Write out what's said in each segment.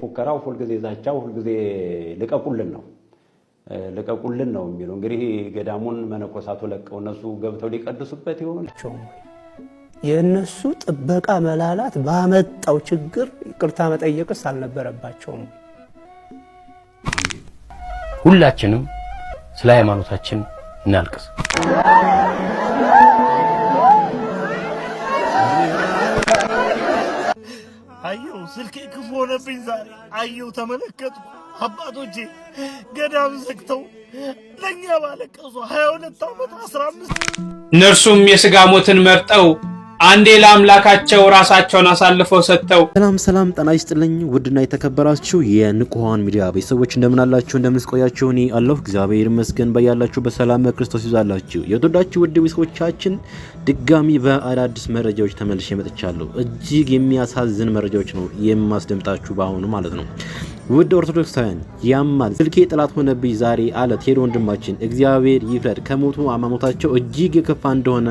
ፉከራው ሁልጊዜ ዛቻው ሁልጊዜ ልቀቁልን ነው ልቀቁልን ነው የሚለው። እንግዲህ ገዳሙን መነኮሳቱ ለቀው እነሱ ገብተው ሊቀድሱበት ይሆን የእነሱ ጥበቃ መላላት ባመጣው ችግር ይቅርታ መጠየቅስ አልነበረባቸውም። ሁላችንም ስለ ሃይማኖታችን እናልቅስ። አየው ስልኬ ክፉ ሆነብኝ ዛሬ። አየው ተመለከቱ አባቶቼ ገዳም ዘግተው ለእኛ ባለቀሱ 22 ዓመት 15 እነርሱም የሥጋ ሞትን መርጠው አንዴ ለአምላካቸው ራሳቸውን አሳልፈው ሰጥተው። ሰላም ሰላም፣ ጤና ይስጥልኝ ውድና የተከበራችሁ የንቁሃን ሚዲያ ቤተሰቦች እንደምናላችሁ እንደምንስቆያችሁ፣ እኔ አለሁ እግዚአብሔር ይመስገን። በያላችሁ በሰላም ክርስቶስ ይዛላችሁ። የወደዳችሁ ውድ ቤተሰቦቻችን ድጋሚ በአዳዲስ መረጃዎች ተመልሼ መጥቻለሁ። እጅግ የሚያሳዝን መረጃዎች ነው የማስደምጣችሁ በአሁኑ ማለት ነው። ውድ ኦርቶዶክሳውያን ያማል ስልኬ ጠላት ሆነብኝ ዛሬ አለ ቴዶ ወንድማችን። እግዚአብሔር ይፍረድ። ከሞቱ አማሞታቸው እጅግ የከፋ እንደሆነ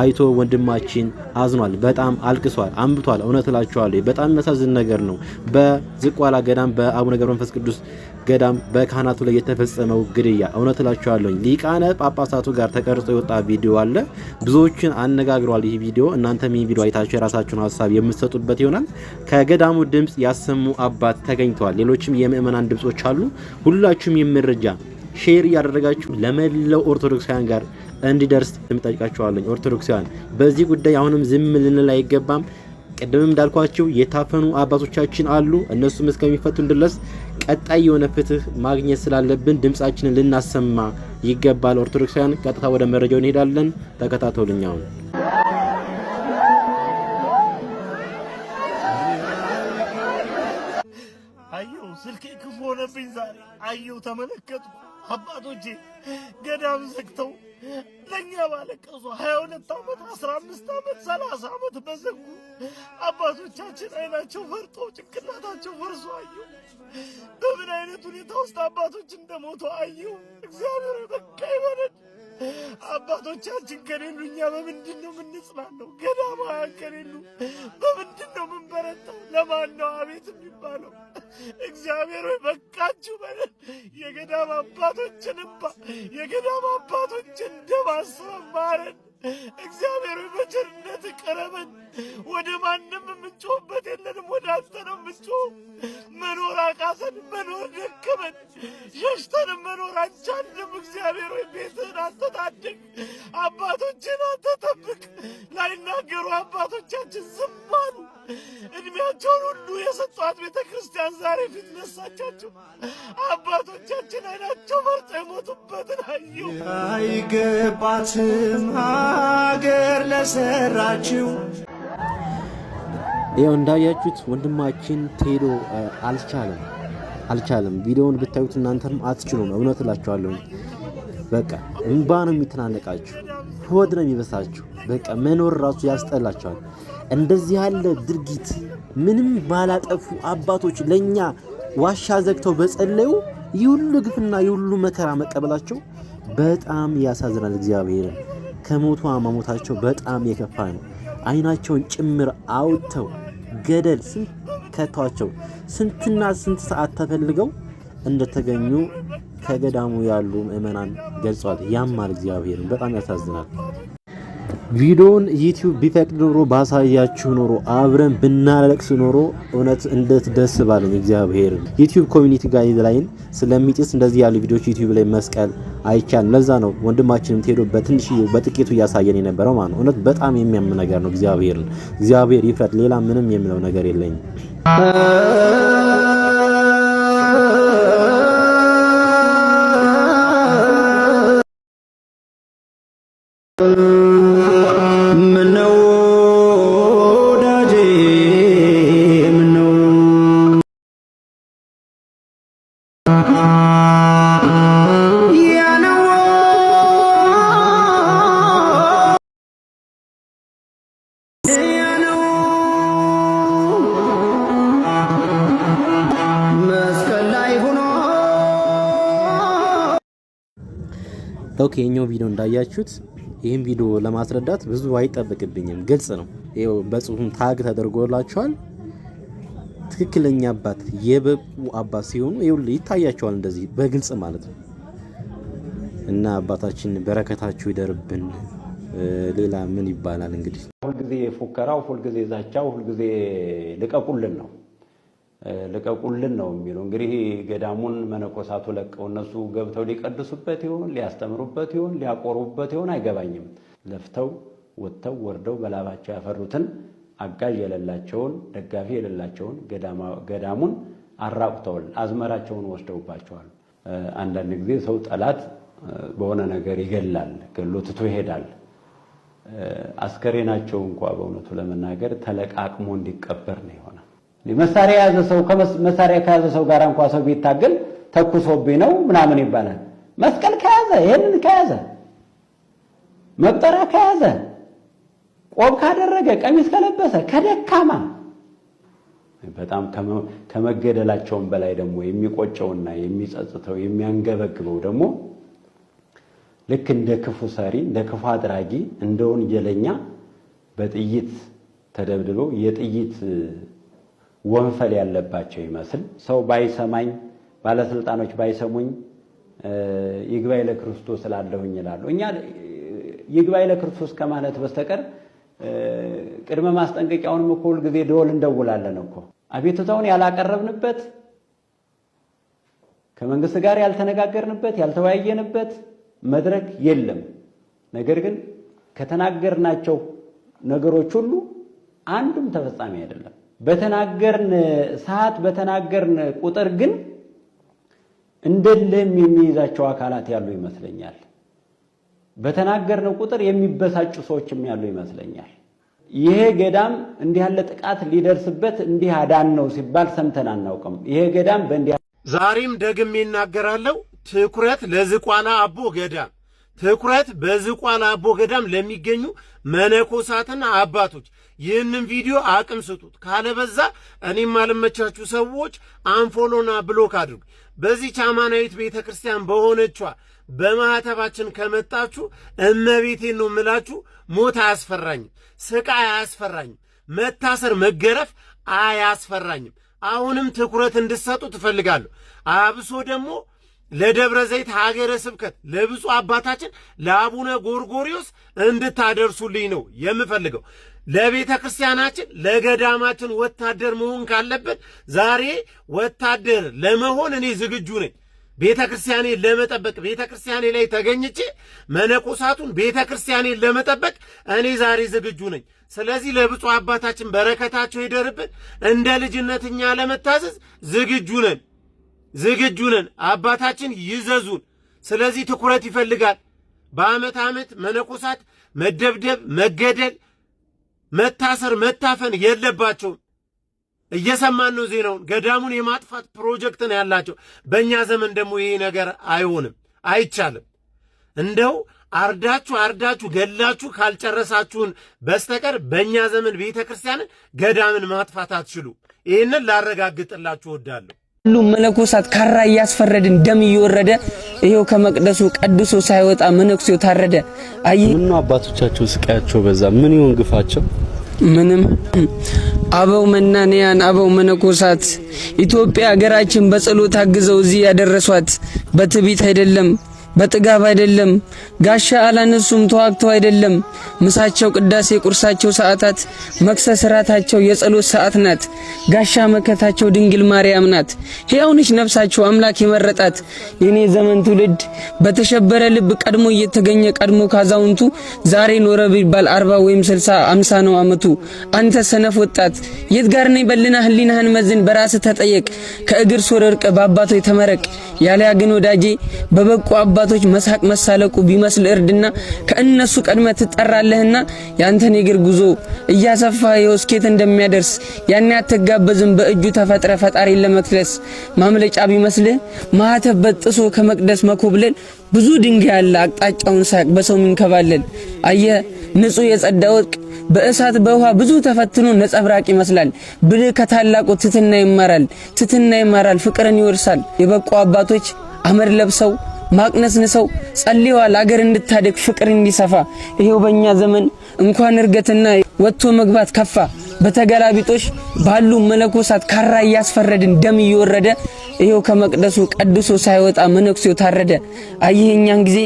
አይቶ ወንድማችን አዝኗል። በጣም አልቅሷል፣ አንብቷል። እውነት እላችኋለሁ በጣም የሚያሳዝን ነገር ነው። በዝቋላ ገዳም በአቡነ ገብረ መንፈስ ቅዱስ ገዳም በካህናቱ ላይ የተፈጸመው ግድያ እውነት እላችኋለሁ ሊቃነ ጳጳሳቱ ጋር ተቀርጾ የወጣ ቪዲዮ አለ። ብዙዎችን አነጋግሯል ይህ ቪዲዮ። እናንተም ይህ ቪዲዮ አይታችሁ የራሳችሁን ሀሳብ የምትሰጡበት ይሆናል። ከገዳሙ ድምፅ ያሰሙ አባት ተገኝተዋል። ሌሎችም የምእመናን ድምጾች አሉ። ሁላችሁም የመረጃ ሼር እያደረጋችሁ ለመላው ኦርቶዶክሳውያን ጋር እንዲደርስ የምጠይቃችኋለኝ። ኦርቶዶክሳውያን በዚህ ጉዳይ አሁንም ዝም ልንል አይገባም። ቅድምም እንዳልኳቸው የታፈኑ አባቶቻችን አሉ። እነሱም እስከሚፈቱን ድረስ ቀጣይ የሆነ ፍትህ ማግኘት ስላለብን ድምፃችንን ልናሰማ ይገባል። ኦርቶዶክሳውያን ቀጥታ ወደ መረጃው እንሄዳለን። ተከታተሉኛውን። ሆነብኝ። ዛሬ አየሁ፣ ተመለከቱ። አባቶቼ ገዳም ዘግተው ለእኛ ባለቀሱ ሀያ ሁለት ዓመት አስራ አምስት ዓመት ሰላሳ ዓመት በዘጉ አባቶቻችን አይናቸው ፈርጦ ጭንቅላታቸው ፈርሶ አየሁ። በምን አይነት ሁኔታ ውስጥ አባቶች እንደሞቱ አየሁ። እግዚአብሔር በቃ ይበለን። አባቶቻችን ከሌሉ እኛ በምንድን ነው የምንጽናናው? ገዳማውያን ከሌሉ በምንድን ነው የምንበረታው? ለማን ነው አቤት የሚባለው? እግዚአብሔር ሆይ በቃችሁ በለ። የገዳም አባቶችን እባ የገዳም አባቶችን ደም ማረን። እግዚአብሔር ሆይ በቸርነት ቅረበን። ወደ ማንም የምንጮህበት የለንም፣ ወደ አንተ ነው የምንጮህ። መኖር አቃሰን፣ መኖር ደከመን፣ ሸሽተንም መኖር አንቻልም። እግዚአብሔር ሆይ ቤት አትታድግ፣ አባቶችን አትጠብቅ። ላይናገሩ አባቶቻችን ዝም አሉ። እድሜያቸውን ሁሉ የሰጧት ቤተ ክርስቲያን ዛሬ ፊት ነሳቻቸው። አባቶቻችን አይናቸው መርጦ የሞቱበትን አዩ። አይገባትም ሀገር ለሰራችው ይኸው እንዳያችሁት ወንድማችን ቴዶ አልቻለም አልቻለም። ቪዲዮውን ብታዩት እናንተም አትችሉም። እውነት እላችኋለሁ። በቃ እንባ ነው የሚተናነቃችሁ፣ ህይወት ነው የሚበሳችሁ። በቃ መኖር ራሱ ያስጠላቸዋል። እንደዚህ ያለ ድርጊት ምንም ባላጠፉ አባቶች ለእኛ ዋሻ ዘግተው በጸለዩ የሁሉ ግፍና የሁሉ መከራ መቀበላቸው በጣም ያሳዝናል። እግዚአብሔርን ከሞቱ ማሞታቸው በጣም የከፋ ነው። አይናቸውን ጭምር አውጥተው ገደል ስንት ከተዋቸው ስንትና ስንት ሰዓት ተፈልገው እንደተገኙ ከገዳሙ ያሉ ምእመናን ገልጸዋል። ያማል እግዚአብሔርን በጣም ያሳዝናል። ቪዲዮውን ዩቲዩብ ቢፈቅድ ኖሮ ባሳያችሁ ኖሮ አብረን ብናለቅስ ኖሮ እውነት እንደት ደስ ባለኝ። እግዚአብሔርን ዩቲዩብ ኮሚኒቲ ጋይድላይን ስለሚጥስ እንደዚህ ያሉ ቪዲዮዎች ዩቲዩብ ላይ መስቀል አይቻልም። ለዛ ነው ወንድማችንም ቴዶ በትንሽ በጥቂቱ እያሳየን የነበረው ማለት ነው። እውነት በጣም የሚያም ነገር ነው። እግዚአብሔርን እግዚአብሔር ይፍረት ሌላ ምንም የምለው ነገር የለኝም። ምነው ወዳጄ ምነው መስቀል ላይ ሆኖ ኦኬ፣ የኛው ቪዲዮ እንዳያችሁት ይህም ቪዲዮ ለማስረዳት ብዙ አይጠበቅብኝም፣ ግልጽ ነው። ይኸው በጽሁፍም ታግ ተደርጎላቸዋል። ትክክለኛ አባት የበቁ አባት ሲሆኑ ይታያቸዋል፣ እንደዚህ በግልጽ ማለት ነው። እና አባታችን በረከታችሁ ይደርብን። ሌላ ምን ይባላል እንግዲህ። ሁልጊዜ ፉከራው፣ ሁልጊዜ ዛቻው፣ ሁልጊዜ ልቀቁልን ነው። ልቀቁልን ነው የሚለው። እንግዲህ ገዳሙን መነኮሳቱ ለቀው እነሱ ገብተው ሊቀድሱበት ይሆን ሊያስተምሩበት ይሆን ሊያቆሩበት ይሆን አይገባኝም። ለፍተው ወጥተው ወርደው በላባቸው ያፈሩትን አጋዥ የሌላቸውን ደጋፊ የሌላቸውን ገዳሙን አራቁተውል አዝመራቸውን ወስደውባቸዋል። አንዳንድ ጊዜ ሰው ጠላት በሆነ ነገር ይገላል፣ ገሎ ትቶ ይሄዳል። አስከሬናቸው እንኳ በእውነቱ ለመናገር ተለቃቅሞ እንዲቀበር ነው የሆነ መሳሪያ የያዘ ሰው መሳሪያ ከያዘ ሰው ጋር እንኳ ሰው ቢታገል ተኩሶብኝ ነው ምናምን ይባላል። መስቀል ከያዘ ይህንን ከያዘ መቁጠሪያ ከያዘ ቆብ ካደረገ ቀሚስ ከለበሰ ከደካማ በጣም ከመገደላቸውም በላይ ደግሞ የሚቆጨውና የሚጸጽተው የሚያንገበግበው ደግሞ ልክ እንደ ክፉ ሰሪ እንደ ክፉ አድራጊ እንደ ወንጀለኛ በጥይት ተደብድበው የጥይት ወንፈል ያለባቸው ይመስል ሰው ባይሰማኝ ባለስልጣኖች ባይሰሙኝ ይግባይ ለክርስቶስ እላለሁኝ ይላሉ። እኛ ይግባይ ለክርስቶስ ከማለት በስተቀር ቅድመ ማስጠንቀቂያውንም እኮ ሁልጊዜ ደወል እንደውላለን እኮ አቤቱታውን ያላቀረብንበት ከመንግስት ጋር ያልተነጋገርንበት ያልተወያየንበት መድረክ የለም። ነገር ግን ከተናገርናቸው ነገሮች ሁሉ አንዱም ተፈጻሚ አይደለም። በተናገርን ሰዓት በተናገርን ቁጥር ግን እንደለም የሚይዛቸው አካላት ያሉ ይመስለኛል። በተናገርን ቁጥር የሚበሳጩ ሰዎችም ያሉ ይመስለኛል። ይሄ ገዳም እንዲህ ያለ ጥቃት ሊደርስበት እንዲህ አዳን ነው ሲባል ሰምተን አናውቅም። ይሄ ገዳም በእንዲህ ዛሬም ደግሜ ይናገራለው። ትኩረት ለዝቋላ አቦ ገዳም ትኩረት በዝቋላ አቦ ገዳም ለሚገኙ መነኮሳትና አባቶች ይህንን ቪዲዮ አቅም ስጡት። ካለበዛ እኔም አልመቻችሁ ሰዎች አንፎሎና ብሎክ አድርጉ። በዚህ ቻማናዊት ቤተ ክርስቲያን በሆነቿ በማኅተባችን ከመጣችሁ እመቤቴን ነው ምላችሁ። ሞት አያስፈራኝም፣ ስቃይ አያስፈራኝም፣ መታሰር መገረፍ አያስፈራኝም። አሁንም ትኩረት እንድሰጡ ትፈልጋለሁ። አብሶ ደግሞ ለደብረ ዘይት ሀገረ ስብከት ለብፁ አባታችን ለአቡነ ጎርጎሪዎስ እንድታደርሱልኝ ነው የምፈልገው። ለቤተ ክርስቲያናችን ለገዳማችን ወታደር መሆን ካለብን ዛሬ ወታደር ለመሆን እኔ ዝግጁ ነኝ። ቤተ ክርስቲያኔን ለመጠበቅ ቤተ ክርስቲያኔ ላይ ተገኝቼ መነኮሳቱን ቤተ ክርስቲያኔን ለመጠበቅ እኔ ዛሬ ዝግጁ ነኝ። ስለዚህ ለብፁ አባታችን በረከታቸው ይደርብን። እንደ ልጅነት እኛ ለመታዘዝ ዝግጁ ነን። ዝግጁ ነን። አባታችን ይዘዙን። ስለዚህ ትኩረት ይፈልጋል። በአመት ዓመት መነኮሳት መደብደብ፣ መገደል፣ መታሰር፣ መታፈን የለባቸውም። እየሰማን ነው ዜናውን። ገዳሙን የማጥፋት ፕሮጀክት ነው ያላቸው። በእኛ ዘመን ደግሞ ይሄ ነገር አይሆንም፣ አይቻልም። እንደው አርዳችሁ አርዳችሁ ገላችሁ ካልጨረሳችሁን በስተቀር በእኛ ዘመን ቤተ ክርስቲያንን ገዳምን ማጥፋት አትችሉ። ይህንን ላረጋግጥላችሁ እወዳለሁ። ሁሉም መነኮሳት ካራ እያስፈረድን ደም እየወረደ ይሄው ከመቅደሱ ቀድሶ ሳይወጣ መነኩሴው ታረደ። አይ ምን ነው አባቶቻቸው ስቃያቸው በዛ። ምን ይሁን ግፋቸው? ምንም አበው መናንያን አበው መነኮሳት ኢትዮጵያ ሀገራችን በጸሎት አግዘው እዚህ ያደረሷት በትቢት አይደለም። በጥጋብ አይደለም ጋሻ አላነሱም ተዋግተው አይደለም ምሳቸው ቅዳሴ ቁርሳቸው ሰዓታት መክሰስ ራታቸው የጸሎት ሰዓት ናት። ጋሻ መከታቸው ድንግል ማርያም ናት። ሕያውንሽ ነፍሳቸው አምላክ የመረጣት የኔ ዘመን ትውልድ በተሸበረ ልብ ቀድሞ እየተገኘ ቀድሞ ካዛውንቱ ዛሬ ኖረ ቢባል አርባ ወይም ስልሳ አምሳ ነው አመቱ። አንተ ሰነፍ ወጣት የት ጋር ነኝ በልና ህሊናህን መዝን በራስ ተጠየቅ። ከእግር ሶር እርቅ በአባቶ የተመረቅ ያለያ ግን ወዳጄ በበቁ አባ አባቶች መሳቅ መሳለቁ ቢመስል እርድና ከእነሱ ቀድመ ትጠራለህና ያንተን የእግር ጉዞ እያሰፋ ይኸው እንደሚያደርስ ያን አትጋበዝም። በእጁ ተፈጥረ ፈጣሪን ለመክለስ ማምለጫ ቢመስልህ ማህተብ በጥሶ ከመቅደስ መኮብለል ብዙ ድንጋይ አለ አቅጣጫውን ሳቅ በሰው ሚንከባለል አየ ንጹህ የጸዳ ወርቅ በእሳት በውሃ ብዙ ተፈትኖ ነጸብራቅ ይመስላል። ብልህ ከታላቁ ትትና ይማራል፣ ትትና ይማራል፣ ፍቅርን ይወርሳል። የበቁ አባቶች አመድ ለብሰው ማቅነስን ሰው ጸልየዋል። አገር እንድታደግ ፍቅር እንዲሰፋ ይሄው በእኛ ዘመን እንኳን እርገትና ወጥቶ መግባት ከፋ። በተገላቢጦሽ ባሉ መነኮሳት ካራ እያስፈረድን ደም እየወረደ ይሄው ከመቅደሱ ቀድሶ ሳይወጣ መነኩሴው ታረደ። አይሄኛን ጊዜ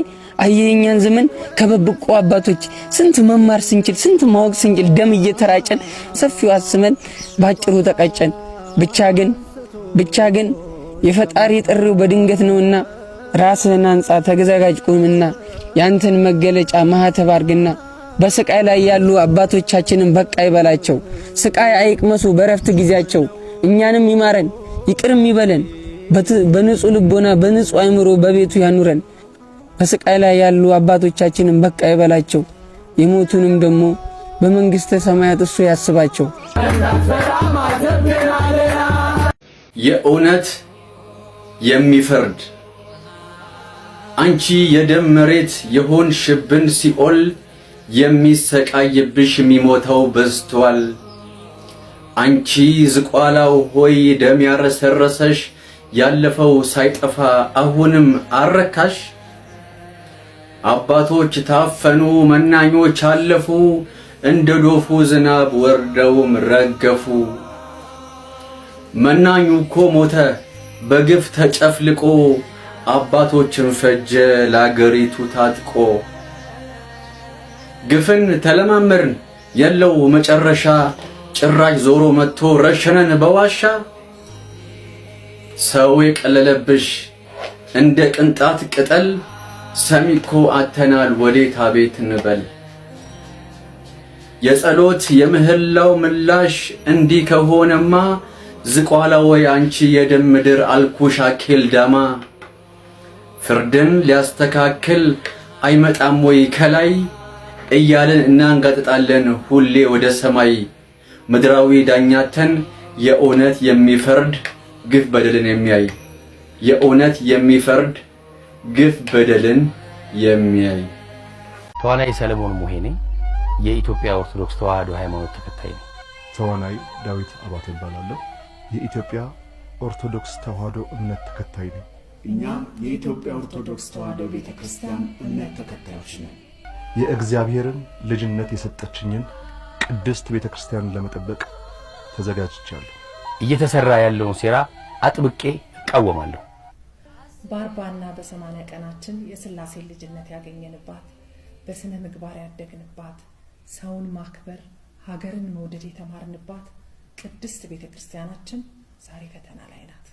አይሄኛን ዘመን ከበብቆ አባቶች ስንት መማር ስንችል ስንት ማወቅ ስንችል ደም እየተራጨን ሰፊው አስመን ባጭሩ ተቀጨን። ብቻ ግን ብቻ ግን የፈጣሪ ጥሪው በድንገት ነውና ራስህን አንጻ ተገዛጋጅ ቁምና ያንተን መገለጫ ማህተብ አርግና በስቃይ ላይ ያሉ አባቶቻችንን በቃ ይበላቸው። ስቃይ አይቅመሱ በረፍት ጊዜያቸው። እኛንም ይማረን ይቅርም ይበለን። በንጹህ ልቦና በንጹህ አእምሮ በቤቱ ያኑረን። በስቃይ ላይ ያሉ አባቶቻችንን በቃ ይበላቸው። የሞቱንም ደግሞ በመንግሥተ ሰማያት እሱ ያስባቸው። የእውነት የሚፈርድ አንቺ የደም መሬት የሆንሽብን ሲኦል የሚሰቃይብሽ የሚሞተው በዝቷል። አንቺ ዝቋላው ሆይ ደም ያረሰረሰሽ ያለፈው ሳይጠፋ አሁንም አረካሽ። አባቶች ታፈኑ፣ መናኞች አለፉ፣ እንደ ዶፉ ዝናብ ወርደውም ረገፉ። መናኙ እኮ ሞተ በግፍ ተጨፍልቆ አባቶችን ፈጀ ለአገሪቱ ታጥቆ ግፍን ተለማመርን የለው መጨረሻ ጭራሽ ዞሮ መጥቶ ረሸነን በዋሻ ሰው የቀለለብሽ እንደ ቅንጣት ቅጠል ሰሚኮ አተናል ወዴት አቤት እንበል የጸሎት የምህላው ምላሽ እንዲህ ከሆነማ ዝቋላ ወይ አንቺ የደም ምድር አልኩሽ ዳማ! ፍርድን ሊያስተካክል አይመጣም ወይ ከላይ? እያልን እናንጋጥጣለን ሁሌ ወደ ሰማይ። ምድራዊ ዳኛተን የእውነት የሚፈርድ ግፍ በደልን የሚያይ የእውነት የሚፈርድ ግፍ በደልን የሚያይ ተዋናይ ሰለሞን ሙሄ ነኝ። የኢትዮጵያ ኦርቶዶክስ ተዋህዶ ሃይማኖት ተከታይ ነው። ተዋናይ ዳዊት አባተ እባላለሁ። የኢትዮጵያ ኦርቶዶክስ ተዋህዶ እምነት ተከታይ ነኝ። እኛ የኢትዮጵያ ኦርቶዶክስ ተዋሕዶ ቤተ ክርስቲያን እምነት ተከታዮች ነን። የእግዚአብሔርን ልጅነት የሰጠችኝን ቅድስት ቤተ ክርስቲያንን ለመጠበቅ ተዘጋጅቻለሁ። እየተሰራ ያለውን ሴራ አጥብቄ እቃወማለሁ። በአርባና በሰማንያ ቀናችን የስላሴ ልጅነት ያገኘንባት፣ በስነ ምግባር ያደግንባት፣ ሰውን ማክበር ሀገርን መውደድ የተማርንባት ቅድስት ቤተ ክርስቲያናችን ዛሬ ፈተና ላይ ናት።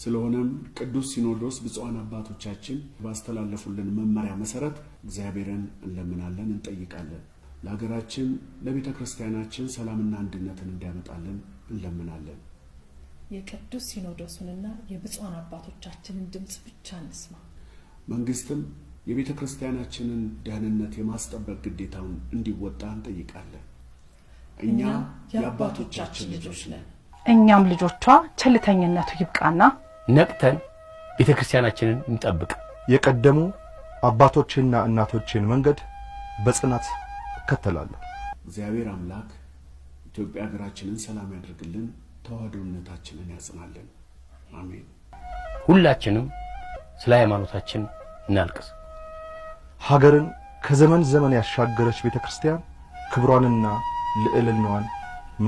ስለሆነም ቅዱስ ሲኖዶስ ብፁዓን አባቶቻችን ባስተላለፉልን መመሪያ መሰረት እግዚአብሔርን እንለምናለን፣ እንጠይቃለን። ለሀገራችን ለቤተ ክርስቲያናችን ሰላምና አንድነትን እንዲያመጣልን እንለምናለን። የቅዱስ ሲኖዶሱንና የብፁዓን አባቶቻችንን ድምፅ ብቻ እንስማ። መንግስትም የቤተ ክርስቲያናችንን ደህንነት የማስጠበቅ ግዴታውን እንዲወጣ እንጠይቃለን። እኛ የአባቶቻችን ልጆች ነን። እኛም ልጆቿ ቸልተኝነቱ ይብቃና ነቅተን ቤተ ክርስቲያናችንን እንጠብቅ። የቀደሙ አባቶችንና እናቶችን መንገድ በጽናት እከተላለሁ። እግዚአብሔር አምላክ ኢትዮጵያ ሀገራችንን ሰላም ያደርግልን፣ ተዋህዶነታችንን ያጽናልን። አሜን። ሁላችንም ስለ ሃይማኖታችን እናልቅስ። ሀገርን ከዘመን ዘመን ያሻገረች ቤተ ክርስቲያን ክብሯንና ልዕልናዋን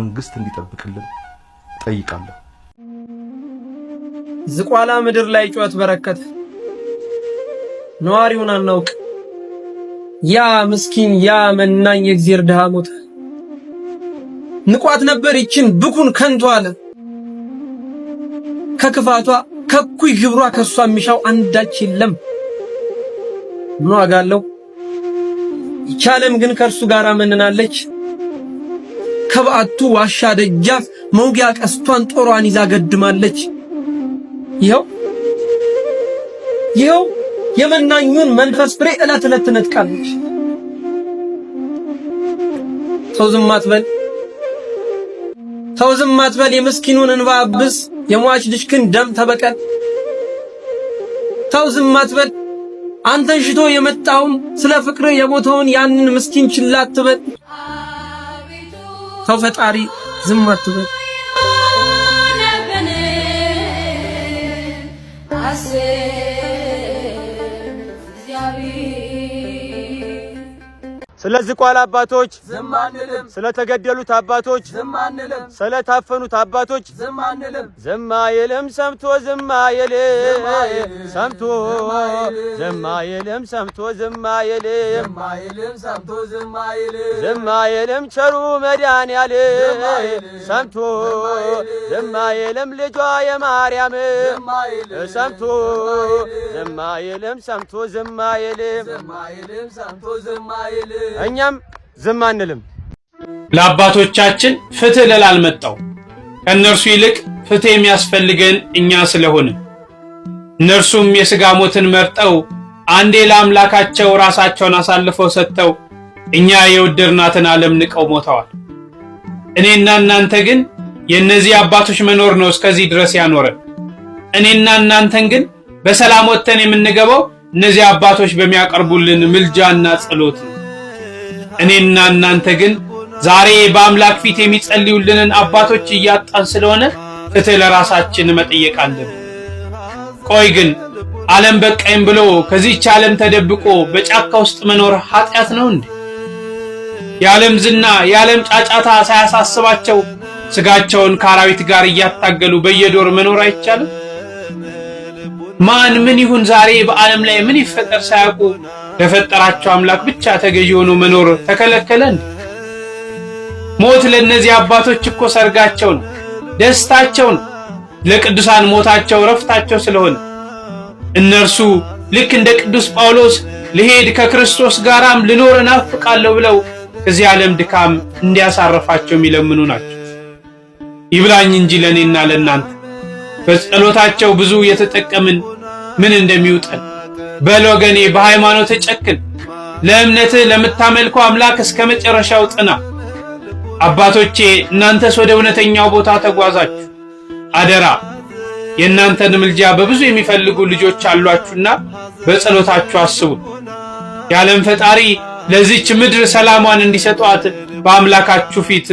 መንግሥት እንዲጠብቅልን ጠይቃለሁ። ዝቋላ ምድር ላይ ጩኸት በረከተ። ነዋሪውን አናውቅ። ያ ምስኪን ያ መናኝ የእግዚአብሔር ድሃ ሞተ። ንቋት ነበር ይችን ብኩን ከንቱ ከክፋቷ ከኩይ ግብሯ ከሷ የሚሻው አንዳች የለም። ምን ዋጋ አለው? ይቻለም ግን ከእርሱ ጋር መንናለች። ከበዓቱ ዋሻ ደጃፍ መውጊያ ቀስቷን ጦሯን ይዛ ገድማለች። ይኸው ይኸው የመናኙን መንፈስ ፍሬ ዕለት ዕለት ትነጥቃለች። ሰው ዝም አትበል፣ ሰው ዝም አትበል። የምስኪኑን እንባ አብስ፣ የሟች ልጅክን ደም ተበቀል። ሰው ዝም አትበል። አንተን ሽቶ የመጣውን ስለ ፍቅር የሞተውን ያንን ምስኪን ችላ አትበል። ሰው ፈጣሪ ዝም አትበል። say ስለ ዝቋላ አባቶች ዝም አንልም፣ ስለ ተገደሉት አባቶች ዝም አንልም፣ ስለ ታፈኑት አባቶች ዝም አንልም። ዝም አይልም ሰምቶ ዝም አይልም ሰምቶ ዝም አይልም ሰምቶ ዝም አይልም ዝም አይልም ቸሩ መዳን ያለ ሰምቶ ዝም አይልም ልጇ የማርያም ሰምቶ ዝም አይልም ሰምቶ ዝም አይልም እኛም ዝም አንልም። ለአባቶቻችን ፍትህ ለላልመጣው ከእነርሱ ይልቅ ፍትህ የሚያስፈልገን እኛ ስለሆንን እነርሱም የሥጋ ሞትን መርጠው አንዴ ለአምላካቸው ራሳቸውን አሳልፈው ሰጥተው እኛ የወደድናትን ዓለም ንቀው ሞተዋል። እኔና እናንተ ግን የእነዚህ አባቶች መኖር ነው እስከዚህ ድረስ ያኖረን። እኔና እናንተን ግን በሰላም ወጥተን የምንገባው እነዚህ አባቶች በሚያቀርቡልን ምልጃና ጸሎት ነው። እኔና እናንተ ግን ዛሬ በአምላክ ፊት የሚጸልዩልንን አባቶች እያጣን ስለሆነ ፍትህ ለራሳችን መጠየቅ አለብን። ቆይ ግን ዓለም በቃኝ ብሎ ከዚህች ዓለም ተደብቆ በጫካ ውስጥ መኖር ኃጢአት ነው እንዴ? የዓለም ዝና፣ የዓለም ጫጫታ ሳያሳስባቸው ስጋቸውን ከአራዊት ጋር እያታገሉ በየዶር መኖር አይቻልም? ማን ምን ይሁን ዛሬ በዓለም ላይ ምን ይፈጠር ሳያውቁ ለፈጠራቸው አምላክ ብቻ ተገዢ ሆኖ መኖር ተከለከለን ሞት ለእነዚህ አባቶች እኮ ሰርጋቸው ደስታቸውን ደስታቸው ለቅዱሳን ሞታቸው ረፍታቸው ስለሆነ እነርሱ ልክ እንደ ቅዱስ ጳውሎስ ልሄድ ከክርስቶስ ጋራም ልኖር እናፍቃለሁ ብለው ከዚህ ዓለም ድካም እንዲያሳረፋቸው የሚለምኑ ናቸው። ይብላኝ እንጂ ለእኔና ለእናንተ በጸሎታቸው ብዙ የተጠቀምን ምን እንደሚውጠን በል ወገኔ በሃይማኖት ጨክን፣ ለእምነትህ ለምታመልከው አምላክ እስከ መጨረሻው ጥና። አባቶቼ እናንተስ ወደ እውነተኛው ቦታ ተጓዛችሁ፣ አደራ የእናንተን ምልጃ በብዙ የሚፈልጉ ልጆች አሏችሁና በጸሎታችሁ አስቡ። የዓለም ፈጣሪ ለዚች ምድር ሰላሟን እንዲሰጧት በአምላካችሁ ፊት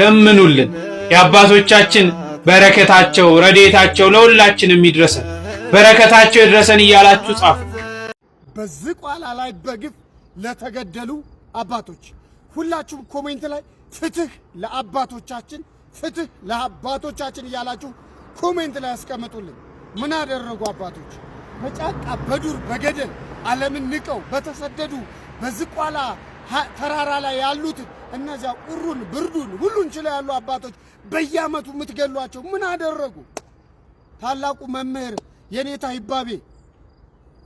ለምኑልን። የአባቶቻችን በረከታቸው ረዴታቸው ለሁላችንም ይድረሰን፣ በረከታቸው ይድረሰን እያላችሁ ጻፉ። በዝቋላ ላይ በግፍ ለተገደሉ አባቶች ሁላችሁም ኮሜንት ላይ ፍትህ ለአባቶቻችን ፍትህ ለአባቶቻችን እያላችሁ ኮሜንት ላይ ያስቀምጡልን። ምን አደረጉ አባቶች? በጫቃ፣ በዱር በገደል ዓለምን ንቀው በተሰደዱ በዝቋላ ተራራ ላይ ያሉት እነዚያ ቁሩን ብርዱን ሁሉን ችለው ያሉ አባቶች በየዓመቱ የምትገሏቸው ምን አደረጉ? ታላቁ መምህር የኔታ ይባቤ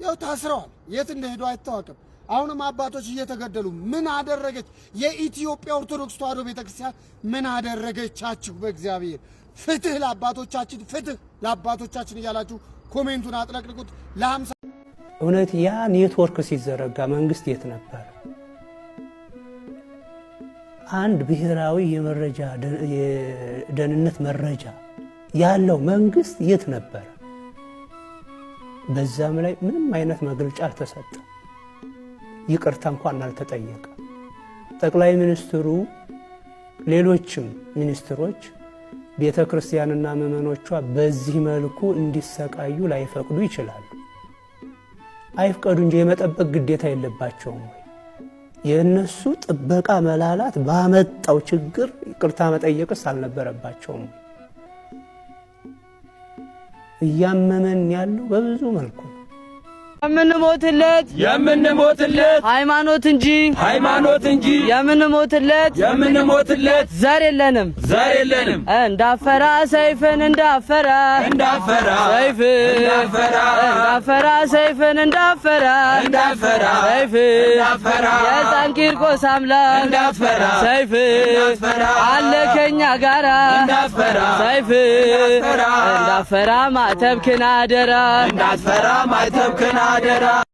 ያው ታስረዋል። የት እንደሄዱ አይታወቅም። አሁንም አባቶች እየተገደሉ ምን አደረገች የኢትዮጵያ ኦርቶዶክስ ተዋህዶ ቤተክርስቲያን? ምን አደረገቻችሁ? በእግዚአብሔር ፍትህ ለአባቶቻችን፣ ፍትህ ለአባቶቻችን እያላችሁ ኮሜንቱን አጥለቅልቁት። ለሀምሳ እውነት ያ ኔትወርክ ሲዘረጋ መንግስት የት ነበር? አንድ ብሔራዊ የመረጃ የደህንነት መረጃ ያለው መንግስት የት ነበር? በዛም ላይ ምንም አይነት መግለጫ አልተሰጠ፣ ይቅርታ እንኳን አልተጠየቀ። ጠቅላይ ሚኒስትሩ፣ ሌሎችም ሚኒስትሮች ቤተ ክርስቲያንና ምዕመኖቿ በዚህ መልኩ እንዲሰቃዩ ላይፈቅዱ ይችላሉ። አይፍቀዱ እንጂ የመጠበቅ ግዴታ የለባቸውም ወይ? የእነሱ ጥበቃ መላላት ባመጣው ችግር ይቅርታ መጠየቅስ አልነበረባቸውም? እያመመን ያለው በብዙ መልኩ የምንሞትለት የምንሞትለት ሃይማኖት እንጂ ሃይማኖት እንጂ የምንሞትለት የምንሞትለት ዘር የለንም ዘር የለንም። እንዳፈራ ሰይፍን እንዳፈራ እንዳፈራ ሰይፍን እንዳፈራ እንዳፈራ ሰይፍን እንዳፈራ እንዳፈራ ሰይፍን እንዳፈራ የሕፃን ቂርቆስ አምላክ እንዳፈራ ሰይፍን አለ ከኛ ጋራ እንዳፈራ ሰይፍን እንዳፈራ ማተብክን አደራ እንዳፈራ ማተብክን አደራ